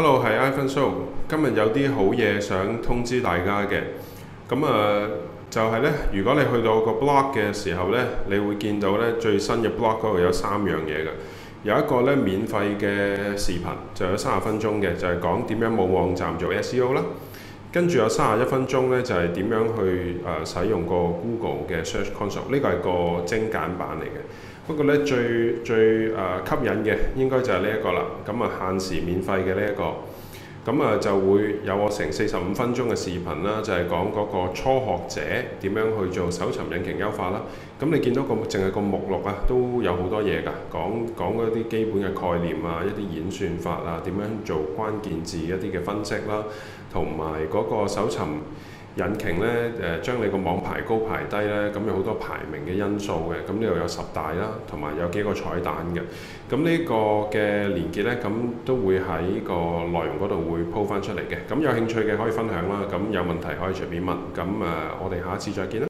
Hello，係 iPhone Show。今日有啲好嘢想通知大家嘅，咁啊、呃、就係、是、呢。如果你去到個 blog 嘅時候呢，你會見到呢最新嘅 blog 嗰度有三樣嘢㗎，有一個呢免費嘅視頻，就有三十分鐘嘅，就係講點樣冇網站做 SEO 啦。跟住有三十一分鐘咧，就係、是、點樣去誒、呃、使用個 Google 嘅 Search Console。呢個係個精簡版嚟嘅，不過咧最最誒、呃、吸引嘅應該就係呢一個啦。咁、嗯、啊，限時免費嘅呢一個。咁啊就會有我成四十五分鐘嘅視頻啦，就係講嗰個初學者點樣去做搜尋引擎優化啦。咁你見到個淨係個目錄啊，都有好多嘢㗎，講講嗰啲基本嘅概念啊，一啲演算法啊，點樣做關鍵字一啲嘅分析啦，同埋嗰個搜尋引擎咧，誒將你個網排高排低咧，咁有好多排名嘅因素嘅，咁呢度有十大啦，同埋有，有幾個彩蛋嘅，咁呢個嘅連結咧，咁都會喺個內容度會鋪翻出嚟嘅，咁有興趣嘅可以分享啦，咁有問題可以隨便問，咁誒我哋下一次再見啦。